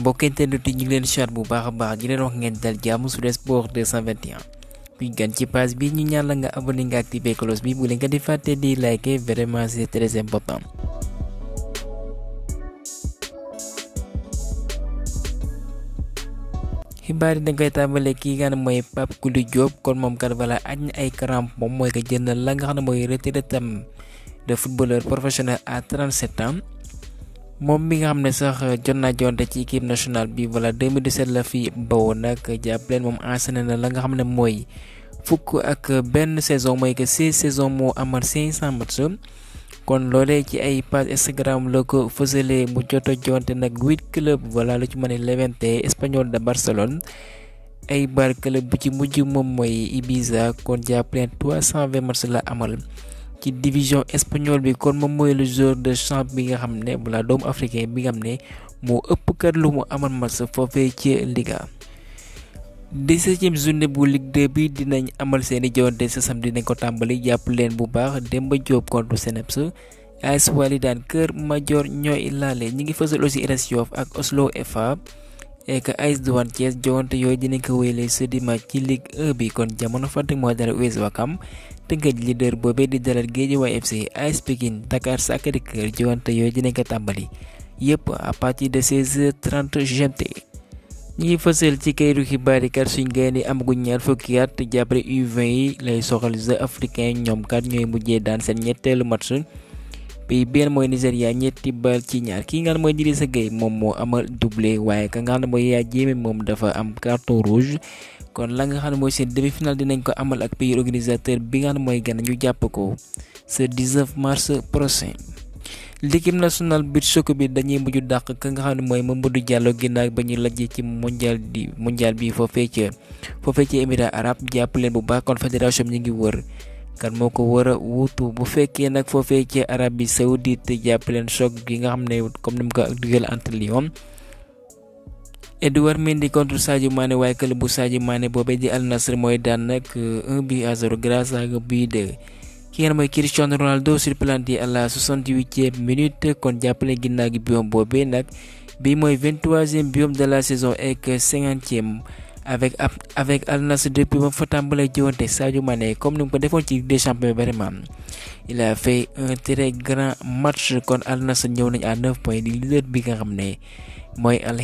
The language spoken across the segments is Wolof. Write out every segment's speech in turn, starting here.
mbokkente du ñu leen chat bu baax a baax di leen wax ngeen dal jàmm su des sport 221 kuy gan ci page bi ñu ñaan la nga abonné nga activé cloche bi bu leen di fàtte di like vraiment c'est très important xibaar yi dañ koy tàmbale kii nga xam mooy Pape Kouly Diop kon moom kat balaa aj The ay crampe moom mooy ko jënd la nga xam ne mooy tam de footballeur professionnel à 37 ans moom mi nga xam ne sax jot naa jonte ci équipe nationale bi voilà 2017 la fi bawoo nag jàpp leen moom enseigné na la nga xam ne mooy fukk ak benn saison mooy que 16 saison moo amal 500 match kon loolee ci ay page Instagram la ko fësalee mu jot a jonte nag huit club voilà lu ci mën a Levante Espagnol de Barcelone ay bar club bu ci mujj moom mooy Ibiza kon jàpp cent 320 match la amal. ci division espagnole bi kon moom mooy le de champ bi nga xam ne wala doomu africain bi nga xam ne moo ëpp kat lu mu amal match foofee ci Liga. dix-septième journée bu Ligue 2 bi dinañ amal seeni jowante sa samedi dinañ ko tàmbali jàpp leen bu baax Demba Diop contre Seneps AS daan Kër Madior ñooy laale ñu ngi fësal aussi RS Yoff ak Oslo FA et que AS Douane Thiès jowante yooyu dinañ ko wéyalee ce ci Ligue 1 bi kon jamono fàtte moo dara US Wakam tëngëj leader boobee di dalal Guédiawaye FC AS Pikine Dakar Sacré-Cœur jiwante yooyu dinañ ko tàmbali yëpp à partir de 16h30 GMT. ñu ngi fësal ci kayitu xibaar yi kat suñ gaynde yi amaguñ ñaar fukki at jàppale U20 yi lay soxal jeux africain ñoom kat ñooy mujjee daan seen ñetteelu match pays benn mooy Nigéria ñetti bal ci ñaar ki nga xam ne mooy Idrissa Gueye moom moo ama doublé waaye ka nga xam ne mooy Yaya Jammeh moom dafa am carton rouge. kon la nga xam ne mooy seen demi final dinañ ko amal ak pays organisateur bi nga xam ne mooy gana ñu jàpp ko ce 19 mars prochain. l'équipe nationale beach soccer bi dañuy mujj dàq ka nga xam ne mooy Mamadou Diallo ginnaaw ba ñu lajjee ci mondial di mondial bi foofee ca foofee ca émirat arab jàpp leen bu baax kon fédération bi ñu ngi wër kan moo ko war a wuutu bu fekkee nag foofee bi Arabie te jàpp leen choc gi nga xam ne comme ni mu ko digal entre Lyon. Edouard Mendy contre Sadio Mané waaye club bu Sadio Mané boobee di Al Nassr mooy daan nag 1 euh, but à 0 grâce à but ki ngeen mooy Cristiano Ronaldo suppléante à la 68e minute kon jàppale ginnaaw gi biom boobee nag bi mooy 23e biom de la saison ak 50e avec avec Al Nassr depuis ba fa tàmbalee jiwante Sadio comme ni mu ko defoon ci Ligue des champions vraiment il a fait un très grand match kon Al ñëw nañ à 9 bi nga xam ne mooy Al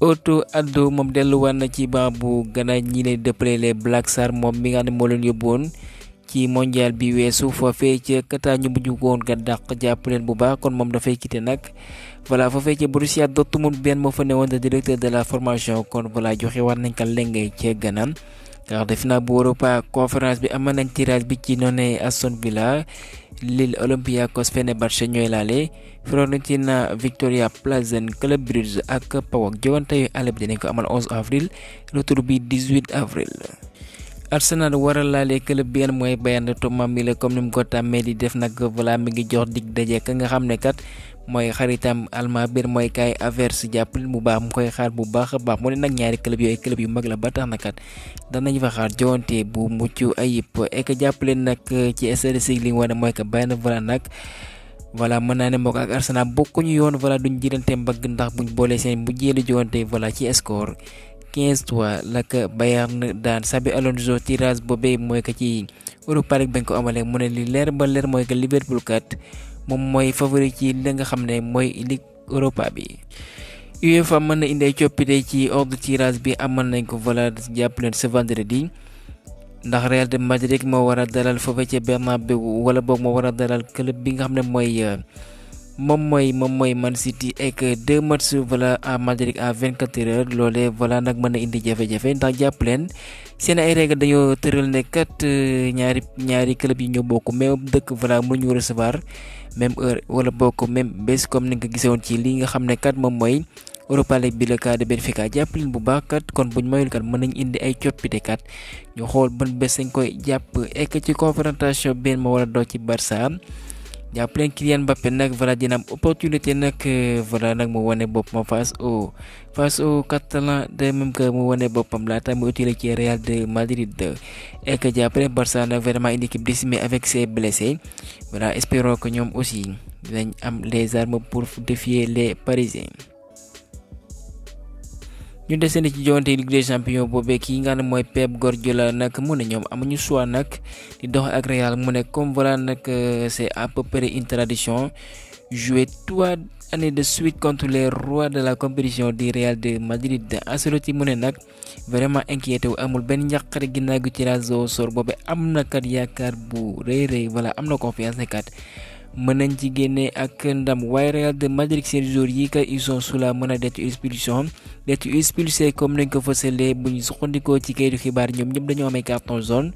Auto Addo moom delluwaat na ci banc bu Ghana ñi lay dëppale les Black Stars moom mi nga xam ne moo leen yóbbuwoon ci mondial bi weesu foofee ca Qatar ñu bu ko woon nga dàq jàpp leen bu baax kon moom dafay quitté nag voilà foofee ca Borussia Dortmund benn moo fa ne woon de directeur de la formation kon voilà joxe war nañ ko lenge ca Ghana. waaw def naa bu Europa conférence bi amoon nañ tirage bi ci noonee Aston Villa Lille Olympiakos Fenerbahçe ñooy laale Fiorentina Victoria Plazen Club Brugge ak PAOK jogante yu Alep dinañ ko amal 11 avril retour bi 18 avril. Arsenal waral laale club bi mooy Bayern de Thomas Müller comme ni mu ko tàmmee di def nag voilà mi ngi jox dig daje ka nga xam ne kat mooy xaritam almaa biir mooy Kai Havertz jàppale bu baax mu koy xaar bu baax a baax mu ne nag ñaari club yooyu club yu mag la ba tax na kat danañ fa xaar joonte bu mucc ayib et que jàppale nag ci statistique li nga wane mooy que Bayern voilà nag. voilà mën naa ak Arsenal bokkuñu yoon voilà duñ jëlante mbagg ndax buñ boolee seen bu jéelu joonte voilà ci score quinze fois la ko Bayern daan Xabi Alonso tirage boobee mooy que ci Europa Park bañ ko amalee mu ne li leer ba leer mooy que Liverpool kat moom mooy favori ci li nga xam ne mooy Ligue Europa bi. UEFA mën na indi ay coppite ci ordre tirage bi amal nañ ko voilà jàpp leen ce ndax Real de Madrid moo war a dalal foofe ca Bernabéu wala boog moo war a dalal club bi nga xam ne mooy. Euh, moom mooy moom mooy Man City ek deux matchs wala à Madrid à 24 heures loolee wala nak mën indi jafe-jafe ndax jàpp leen seen ay règle dañoo tëral ne kat ñaari ñaari club yi ñoo bokk même dëkk voilà mënuñu recevoir même heure wala bokk même bes comme ni nga ko gisoon ci li nga xam ne kat moom mooy Europa League bi la cas de Benfica jàpp leen bu baax kat kon buñ mayul kat mën indi ay coppite kat ñu xool ban bés dañ koy jàpp ek ci confrontation benn ma wala doo ci Barça jàpp leen Kylian Mbappé nag voilà dina am opportunité nag voilà nag mu wane boppam face au face au Catalan de même que mu ci Real de Madrid et eh, que jàpp leen Barça nag vraiment une équipe décimée avec ses blessés voilà espérons que ñoom aussi dinañ am les armes pour défier les Parisiens. ñu desandi ci joŋante Ligue des champions boobee kii nga xam ne mooy Pep Guardiola nag mu ne ñoom amuñu choix nag di dox ak Real mu ne comme voilà nag euh, c'est à peu près une tradition jouer trois années de suite contre les de la compétition di Real de Madrid Ancelotti mu ne nag vraiment inquiété wu amul benn njàqare ginnaaw gi tirage au sort boobee am na kat yaakaar bu rëy rëy voilà am na confiance ne kat. mën nañ ci génne ak ndam waaye Real de Madrid seen jour yi kat ils sont sous la menace d'être expulsion d'être expulsé comme nañ ko fësalee bu ñu suqandikoo ci kayitu xibaar ñoom ñëpp dañoo amee carton jaune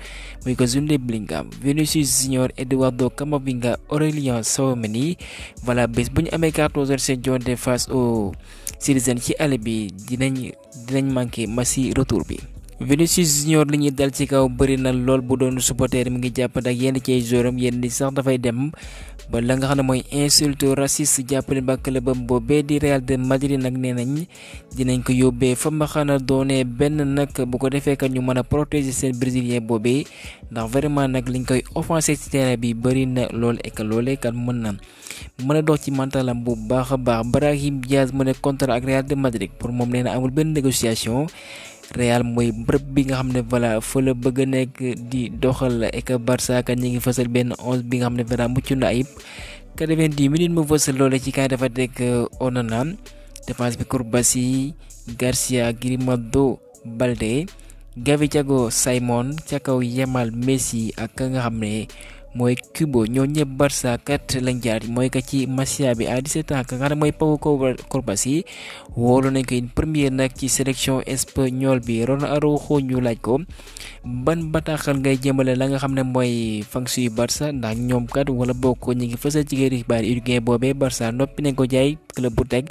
muy ko Jude Bellingham Vinicius Junior Eduardo Camavinga Aurélien Tchouameni voilà bés bu ñu amee carton jaune seen jonte face au Citizen ci àll bi dinañ dinañ manqué Messi retour bi. Vinicius Junior li ñuy dal ci kaw bëri na lool bu doon supporter mi ngi jàppante ak yenn ci ay jouram yenn di sax dafay dem ba la nga xam ne mooy insulte raciste jàppale ba clubam boobee di Real de Madrid nag nee nañ dinañ ko yóbbee fa ma xana doonee benn nag bu ko defee ka ñu mën a protéger seen brésilien boobee ndax vraiment nag liñ koy offensé ci terrain bi bëri na lool et que mën na mën a dox ci mantalam bu baax a baax Brahim Diaz mu ne contrat ak Real de pour moom nee na amul benn négociation. Real mooy bërëb bi nga xam ne voilà fa la bëgg a nekk di doxal ek Barça kat ngi fësal benn onze bi nga xam ne voilà mucc na ayib. 90 minutes mu fësal loole ci kaay dafa teg euh, Onana défense bi Coulibaly Garcia Grimaldo Balde Gavi Thiago Simon ca kaw yemal Messi ak ka nga xam ne. mooy Kubo ñoo ñëpp Barça kat lañ jaar mooy que ci Masia bi à 17 ans ka nga xam ne mooy Pau Cubarsí woolu nañ ko une première nag ci sélection espagnole bi Ron Araujo ñu laaj ko ban bataaxal ngay jëmale la nga xam ne mooy fans yu Barça ndax ñoom kat wala bokk ñu ngi fësal ci xibaar uruguayen boobee Barça noppi nañ ko jaay club bu teg.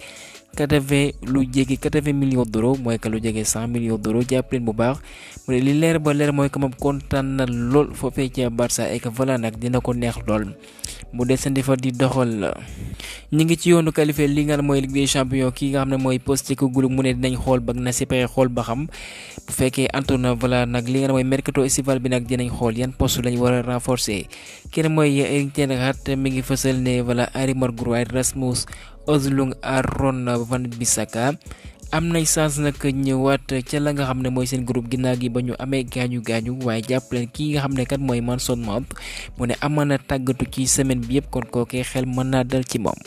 quatre-vingt lu jege quatre-vingt millions d'euros mooy que lu jege cent millions d'euros jàpp leen bu baax mu ne li leer ba leer mooy que moom kontaan na lool foofee ca Barça et que nag dina ko neex lool. mu desandi fa di doxal ñu ngi ci yoonu qualifié li nga xam mooy Ligue des ki kii nga xam ne mooy Postecoglou mu ne dinañ xool ba na séparé xool ba xam bu fekkee Antoine voilà nag li nga xam mooy mercato estival bi nag dinañ xool yan poste lañ war a renforcer kenn m mi ngi fësal ne voilà Özlung Aaron Wan-Bissaka am nay chance nag ñëwaat ca la nga xam ne mooy seen groupe ginnaaw gi ba ñu amee gaañu gaañu waaye jàppale leen kii nga xam ne kat mooy Mason Mount mu ne amaan na tàggatu ci semaine bi yëpp kon kookee xel mën naa dal ci moom.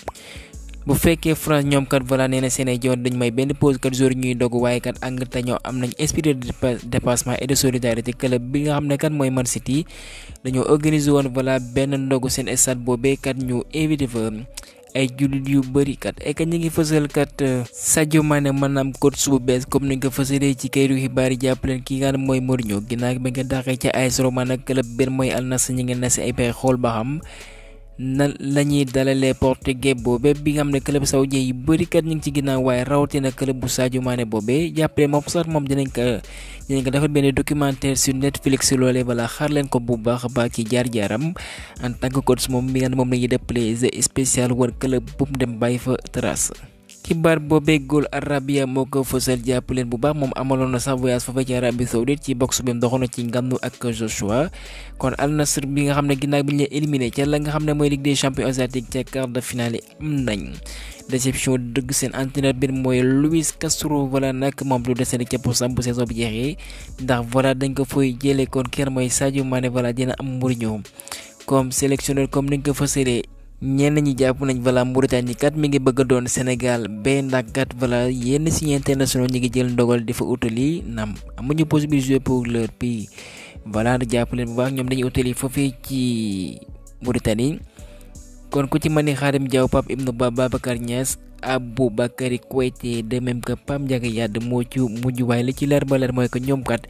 bu fekkee France ñoom kat voilà nee na seen joor dañu may benn pause kat jour ñuy dog waaye kat Angleterre ñoo am nañ esprit de dépassement et de solidarité club bi nga xam ne kat mooy Man City dañoo organiser woon voilà benn ndogu seen stade boobee kat ñu invité fa. ay jullit yu bëri kat et que ñu ngi fësal kat euh, Sadio Mané maanaam coach bees comme ni nga ko fësalee ci kayitu xibaar yi jàpp leen ki nga xam mooy Mourinho ginnaaw bi nga dàqee ca AS Roma nag club benn mooy Al ñu ngi na si ay pexe xool ba xam. nan la ñuy dalalee portugais boobee bi nga xam ne club saoudien yi bëri kat ñu ngi ci ginnaaw waaye rawatina club bu Sadio Mané boobee jàppale moom sax moom dinañ ko dinañ ko defar benn documentaire sur Netflix loolee balaa xaarleen leen ko bu baax a baax ci jaar-jaaram en tant que coach moom mi nga moom la ñuy dépplé spécial war club bu mu dem bàyyi fa trace. xibaar boobee góol arabia moo ko fësal jàpp leen bu baax moom amaloon na sax voyage foofee ci arabie saoudite ci box bi doxoon na ci ngàndu ak Joshua kon Al Nassr bi nga xam ne ginnaaw bi nga xam ne mooy Ligue des champions asiatique ca quart de finale am nañ déception dëgg seen entraîneur bi mooy Luis Castro voilà nag moom lu desee ca posam bu saison bi jeexee ndax voilà dañ ko fooy jëlee kon kenn mooy Sadio Mané voilà dina am Mourinho comme sélectionneur comme ñenn ñi jàpp nañ vala Mauritanie kat mi ngi bëgg doon Sénégal be ndax kat vala yenn signes internationaux ñi ngi jël ndogal di fa nam amuñu possibilité jouer pour leur pays vala jàpp leen bu baax ñoom dañuy utali foofee ci Mauritanie kon ku ci mëni Khadim Diaw Pape Ibn Babacar Niass Abou Bakari Kouyaté de même que Pam Ndiaga Yade moo ci mujj waaye li ci leer ba leer mooy que ñoom kat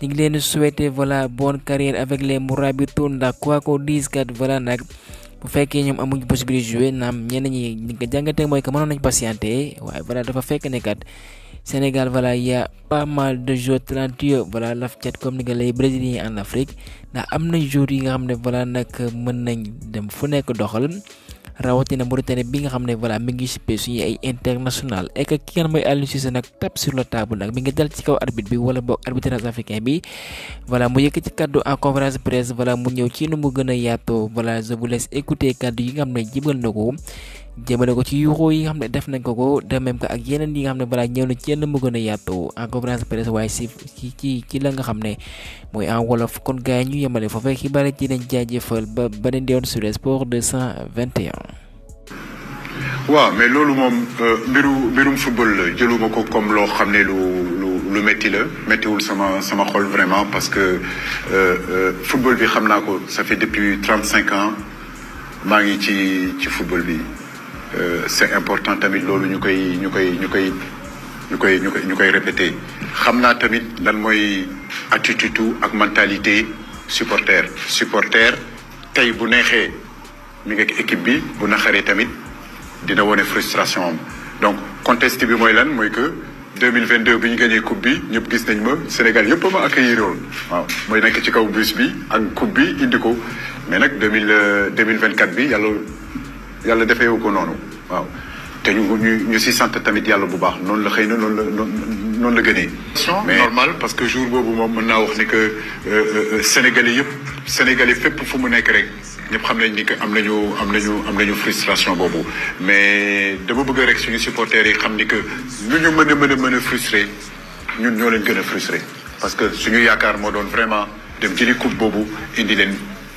ñu ngi leen souhaiter voilà bonne carrière avec les Mourabitoun ndax quoi qu'on dise kat voilà bu fekkee ñoom amuñu possibilité jouer naam ñenn ñi ñu ko jàngatee mooy que mënoon nañu patienter waaye voilà dafa fekk ne kat Sénégal wala y a pas mal de joueurs talentueux voilà laf cat comme ni nga lay brésiliens en Afrique ndax am na joueurs yi nga xam ne voilà nag mën nañ dem fu nekk doxal. rawatina Mauritanie bi nga xam ne voilà mi ngi sippee suñu ay international et que ki ngeen mooy Aliou Cissé nag tap sur le table nag mi ngi dal ci kaw arbitre bi wala boog arbitrage africain bi voilà mu yëkk ci kaddu en conférence presse voilà mu ñëw ci nu mu gën a yaatoo voilà je vous laisse écouter kaddu yi nga xam ne jibal na ko jëmale ko ci yuuxu yi nga xam ne def nañ ko ko de même que ak yeneen yi nga xam ne balaa ñëw na ci yenn mu gën a yaatu en conférence de presse waaye si ci ci ci la nga xam ne mooy en wolof kon gars yi ñu yemale ki xibaar ci nañ jaajëfal ba beneen yoon sur Sport 221. waaw mais loolu moom euh, mbiru mbirum football la jëluma ko comme loo xam ne lu lu lu métti la méttiwul sama sama xol vraiment parce que euh, euh, football bi xam naa ko ça fait depuis trente cinq ans maa ngi ci ci football bi. Euh, c'est important tamit loolu ñu koy ñu koy ñu koy ñu koy ñu koy ñu koy répété xam naa tamit lan mooy attitude ak mentalité supporter supporter tey bu neexee mi ngi équipe bi bu naxaree tamit dina wone frustration am donc contexte bi mooy lan mooy que 2022 bi ñu gagné coupe bi ñëpp gis nañ ma Sénégal yëpp ma accueillir woon waaw mooy nekk ci kaw bus bi ak coupe bi indi ko mais nag 2024 euh, bi yàlla yalla defee wu ko noonu waaw te ñu ñu ñu si sant tamit yalla bu baax non la xeyna non la non la gëné mais normal parce que jour bobu moom mën wax ni que euh, euh, euh, Sénégalais yépp Sénégalais fépp fu mu nekk rek ñëpp xam nañ ni que am nañu am nañu am nañu frustration bobu mais dama bëgg rek suñu supporters yi xam ni que ñu ñu mëna mëna mën frustré ñun ñoo leen gën a frustré parce que suñu yaakaar moo doon vraiment dem ci li coupe boobu indi leen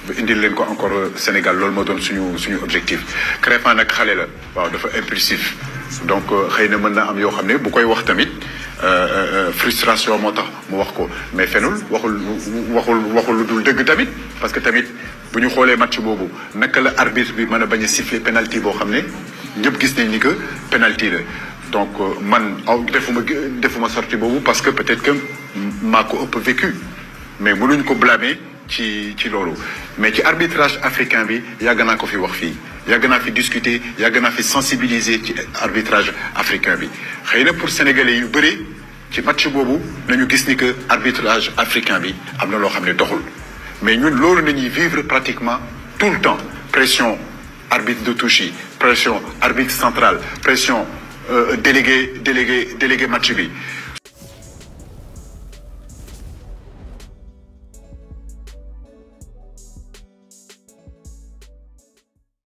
ba indil leen ko encore euh, Sénégal loolu moo doon suñu suñu objectif Crépin nag xale la waaw dafa impulsif donc euh, xëy na mën na am yoo xam ne bu koy wax tamit euh, frustration moo tax mu wax ko mais fenul waxul waxul waxul dul dëgg tamit parce que tamit bu ñu xoolee match boobu naka la arbitre bi mën a bañ a siffler penalty boo xam ne ñëpp gis nañ ni que penalty la donc man aw defuma defuma sortie boobu parce que peut-être que maa ko ëpp vécu mais mënuñ ko blâmer ci ci lolu mais ci arbitrage africain bi y a ko fi wax fi yàgg fi discuter il y fi sensibiliser ci arbitrage africain bi xeyna pour sénégalais yu bëri ci match bobu nañu gis ni que arbitrage africain bi amna lo loo doxul mais ñun lolu nañuy vivre pratiquement tout le temps pression arbitre de touche pression arbitre central pression euh, délégué délégué délégué match bi